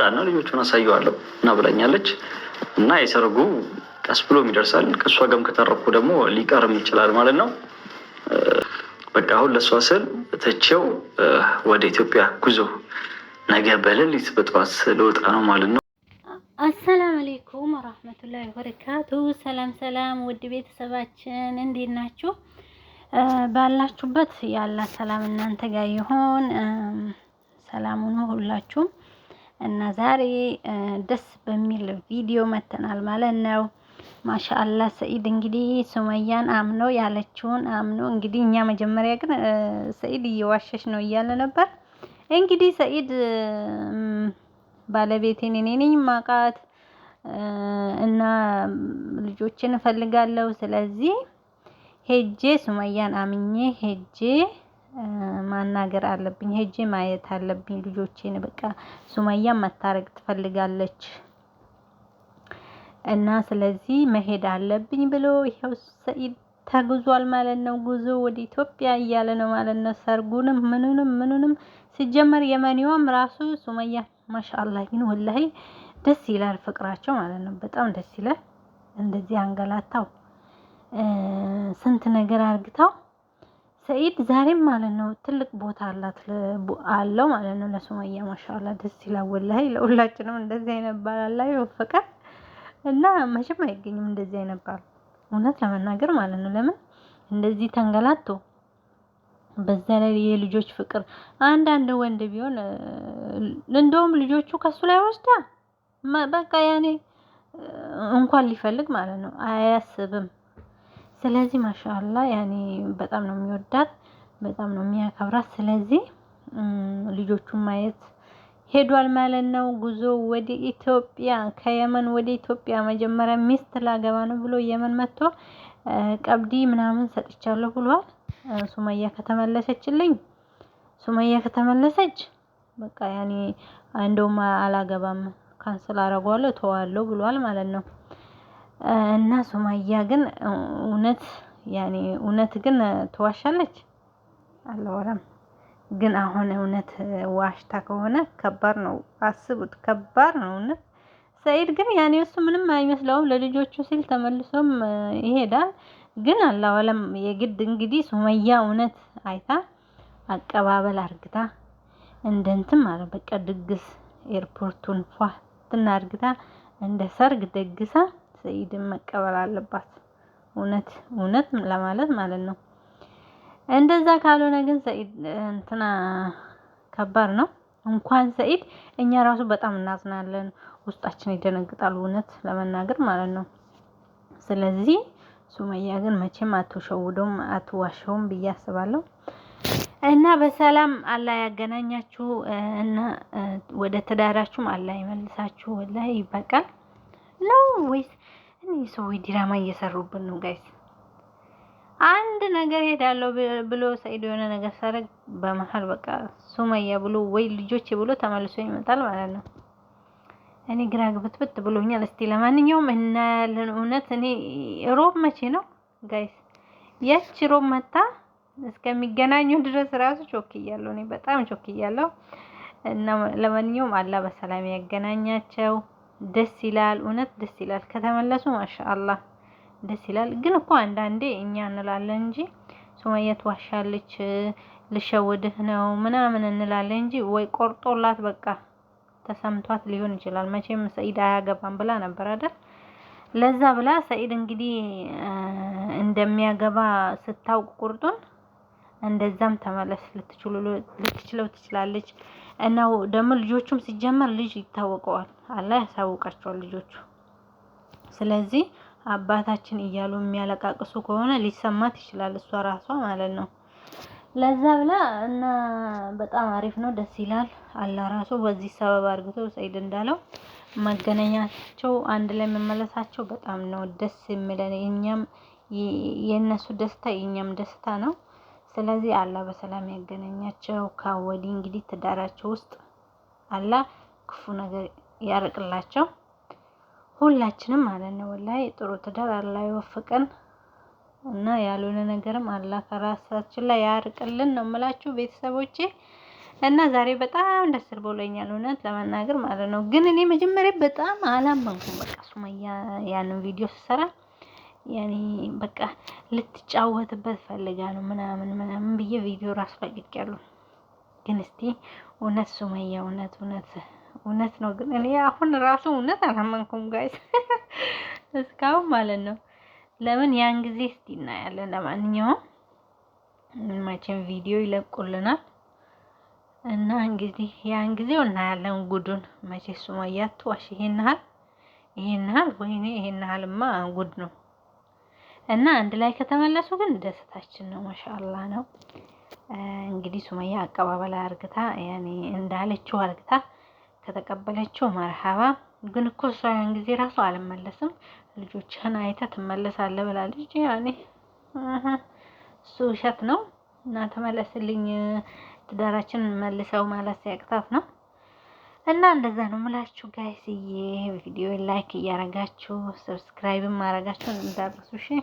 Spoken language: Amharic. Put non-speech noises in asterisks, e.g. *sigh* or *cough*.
ልምጣና ልጆቹን አሳየዋለሁ እና ብላኛለች እና የሰርጉ ቀስ ብሎ ይደርሳል። ከእሷ ጋርም ከተረኩ ደግሞ ሊቀርም ይችላል ማለት ነው። በቃ አሁን ለእሷ ስል ተቼው ወደ ኢትዮጵያ ጉዞ ነገ በሌሊት በጠዋት ልወጣ ነው ማለት ነው። አሰላም አለይኩም ወራህመቱላሂ ወበረካቱ። ሰላም ሰላም፣ ውድ ቤተሰባችን እንዴት ናችሁ? ባላችሁበት ያላ ሰላም እናንተ ጋር ይሆን። ሰላሙን ሁላችሁም እና ዛሬ ደስ በሚል ቪዲዮ መተናል ማለት ነው። ማሻአላ ሰኢድ እንግዲህ ሱመያን አምኖ ያለችውን አምኖ እንግዲህ እኛ መጀመሪያ ግን ሰኢድ እየዋሸሽ ነው እያለ ነበር። እንግዲህ ሰኢድ ባለቤቴን እኔ ነኝ ማቃት እና ልጆችን እፈልጋለሁ። ስለዚህ ሄጄ ሱመያን አምኜ ሄጄ ማናገር አለብኝ ሄጄ ማየት አለብኝ ልጆቼን በቃ ሱመያ መታረቅ ትፈልጋለች እና ስለዚህ መሄድ አለብኝ ብሎ ይኸው ሰኢድ ተጉዟል ማለት ነው። ጉዞ ወደ ኢትዮጵያ እያለ ነው ማለት ነው። ሰርጉንም ምኑንም ምኑንም ሲጀመር የመኒዋም ራሱ ሱመያ ማሻአላ ግን ወላሂ ደስ ይላል ፍቅራቸው ማለት ነው። በጣም ደስ ይላል። እንደዚህ አንገላታው ስንት ነገር አርግታው ሰኢድ ዛሬም ማለት ነው ትልቅ ቦታ አላት አለው ማለት ነው ለሱመያ ማሻላ ደስ ይላል። ወላሂ ለሁላችንም እንደዚህ አይነት ባል አላህ እና መቼም አይገኝም እንደዚህ አይነት ባል እውነት ለመናገር ማለት ነው። ለምን እንደዚህ ተንገላቶ በዛ ላይ የልጆች ፍቅር አንዳንድ ወንድ ቢሆን እንደውም ልጆቹ ከሱ ላይ ወስዳ በቃ ያኔ እንኳን ሊፈልግ ማለት ነው አያስብም ስለዚህ ማሻአላ ያኔ በጣም ነው የሚወዳት፣ በጣም ነው የሚያከብራት። ስለዚህ ልጆቹን ማየት ሄዷል ማለት ነው። ጉዞ ወደ ኢትዮጵያ ከየመን ወደ ኢትዮጵያ። መጀመሪያ ሚስት ላገባ ነው ብሎ የመን መጥቶ ቀብዲ ምናምን ሰጥቻለሁ ብሏል። ሱመያ ከተመለሰችልኝ ሱመያ ከተመለሰች በቃ ያኔ እንደውም አላገባም ካንስል አረጓለሁ ተዋለሁ ብሏል ማለት ነው። እና ሱማያ ግን እውነት ያኔ እውነት ግን ትዋሻለች አላወራም። ግን አሁን እውነት ዋሽታ ከሆነ ከባድ ነው። አስቡት፣ ከባድ ነው እውነት። ሰኢድ ግን ያኔ እሱ ምንም አይመስለውም። ለልጆቹ ሲል ተመልሶም ይሄዳል። ግን አላወለም የግድ እንግዲህ ሱመያ እውነት አይታ አቀባበል አርግታ እንደንትም አለ በቃ ድግስ ኤርፖርቱን ፏ አርግታ እንደ ሰርግ ደግሳ ኢድን መቀበል አለባት። እውነት እውነት ለማለት ማለት ነው። እንደዛ ካልሆነ ግን ሰኢድ እንትና ከባድ ነው። እንኳን ሰኢድ እኛ ራሱ በጣም እናዝናለን፣ ውስጣችን ይደነግጣል፣ እውነት ለመናገር ማለት ነው። ስለዚህ ሱመያ ግን መቼም አትሸውደውም፣ አትዋሸውም ብዬ አስባለሁ። እና በሰላም አላህ ያገናኛችሁ እና ወደ ትዳራችሁም አላ ይመልሳችሁ። ላይ ይበቃል። ነው ወይስ እኔ ሰው ዲራማ እየሰሩብን ነው? ጋይስ አንድ ነገር ሄዳለሁ ብሎ ሰኢድ የሆነ ነገር ሳደርግ በመሀል በቃ ሱመያ ብሎ ወይ ልጆቼ ብሎ ተመልሶ ይመጣል ማለት ነው። እኔ ግራ ግብትብት ብሎኛል። እስቲ ለማንኛውም እናያለን። እውነት እኔ ሮብ መቼ ነው ጋይስ? ያች ሮብ መታ እስከሚገናኙ ድረስ ራሱ እያለሁ እኔ በጣም እያለሁ እና ለማንኛውም አላህ በሰላም ያገናኛቸው። ደስ ይላል። እውነት ደስ ይላል። ከተመለሱ ማሻአላህ ደስ ይላል። ግን እኮ አንዳንዴ እኛ እንላለን እንጂ ሱመያ ትዋሻለች፣ ልሸውድህ ነው ምናምን እንላለን እንጂ ወይ ቆርጦላት በቃ ተሰምቷት ሊሆን ይችላል። መቼም ሰኢድ አያገባም ብላ ነበር አይደል? ለዛ ብላ ሰኢድ እንግዲህ እንደሚያገባ ስታውቅ ቁርጡን እንደዛም ተመለስ ልትችለው ትችላለች። እና ደግሞ ልጆቹም ሲጀመር ልጅ ይታወቀዋል። አላህ ያሳውቃቸዋል ልጆቹ። ስለዚህ አባታችን እያሉ የሚያለቃቅሱ ከሆነ ሊሰማት ይችላል፣ እሷ ራሷ ማለት ነው። ለዛ ብላ እና በጣም አሪፍ ነው፣ ደስ ይላል። አላ ራሱ በዚህ ሰበብ አድርግቶ ሰይድ እንዳለው መገናኛቸው አንድ ላይ መመለሳቸው በጣም ነው ደስ የሚለን። እኛም የእነሱ ደስታ የኛም ደስታ ነው። ስለዚህ አላ በሰላም ያገናኛቸው። ከወዲህ እንግዲህ ትዳራቸው ውስጥ አላ ክፉ ነገር ያርቅላቸው ሁላችንም ማለት ነው። ወላሂ ጥሩ ትዳር አላ ይወፍቀን እና ያልሆነ ነገርም አላ ከራሳችን ላይ ያርቅልን ነው የምላችሁ ቤተሰቦቼ። እና ዛሬ በጣም ደስ ብሎኛል እውነት ለመናገር ማለት ነው። ግን እኔ መጀመሪያ በጣም አላመንኩም። በቃ ሱመያ ያንን ቪዲዮ ስሰራ ያኔ በቃ ልትጫወትበት ፈልጋ ነው ምናምን ምናምን ብዬ ቪዲዮ ራሱ ያሉ ግን እስቲ እውነት ሱመያ እውነት እውነት እውነት ነው። ግን እኔ አሁን ራሱ እውነት አላመንኩም ጋይስ *laughs* እስካሁን ማለት ነው። ለምን ያን ጊዜ እስቲ እናያለን። ለማንኛውም መቼም ቪዲዮ ይለቁልናል እና እንግዲህ ያን ጊዜው እናያለን ጉዱን። መቼ ሱመያ ትዋሽ ይሄን ያህል ይሄን ያህል ወይኔ ይሄን ያህልማ ጉድ ነው። እና አንድ ላይ ከተመለሱ ግን ደስታችን ነው። ማሻአላ ነው እንግዲህ ሱመያ አቀባበል አርግታ ያኔ እንዳለችው አርግታ ከተቀበለችው መርሃባ። ግን እኮ እሷ ያን ጊዜ ራሱ አልመለስም ልጆችህን አይተህ ትመለሳለህ ብላለች። ያኔ እሱ ውሸት ነው እና ተመለስልኝ፣ ትዳራችን መልሰው ማለት ሲያቅታት ነው። እና እንደዛ ነው ምላችሁ ጋይስዬ፣ ቪዲዮ ላይክ እያረጋችሁ ሰብስክራይብ ማረጋችሁ እንዳትረሱ እሺ።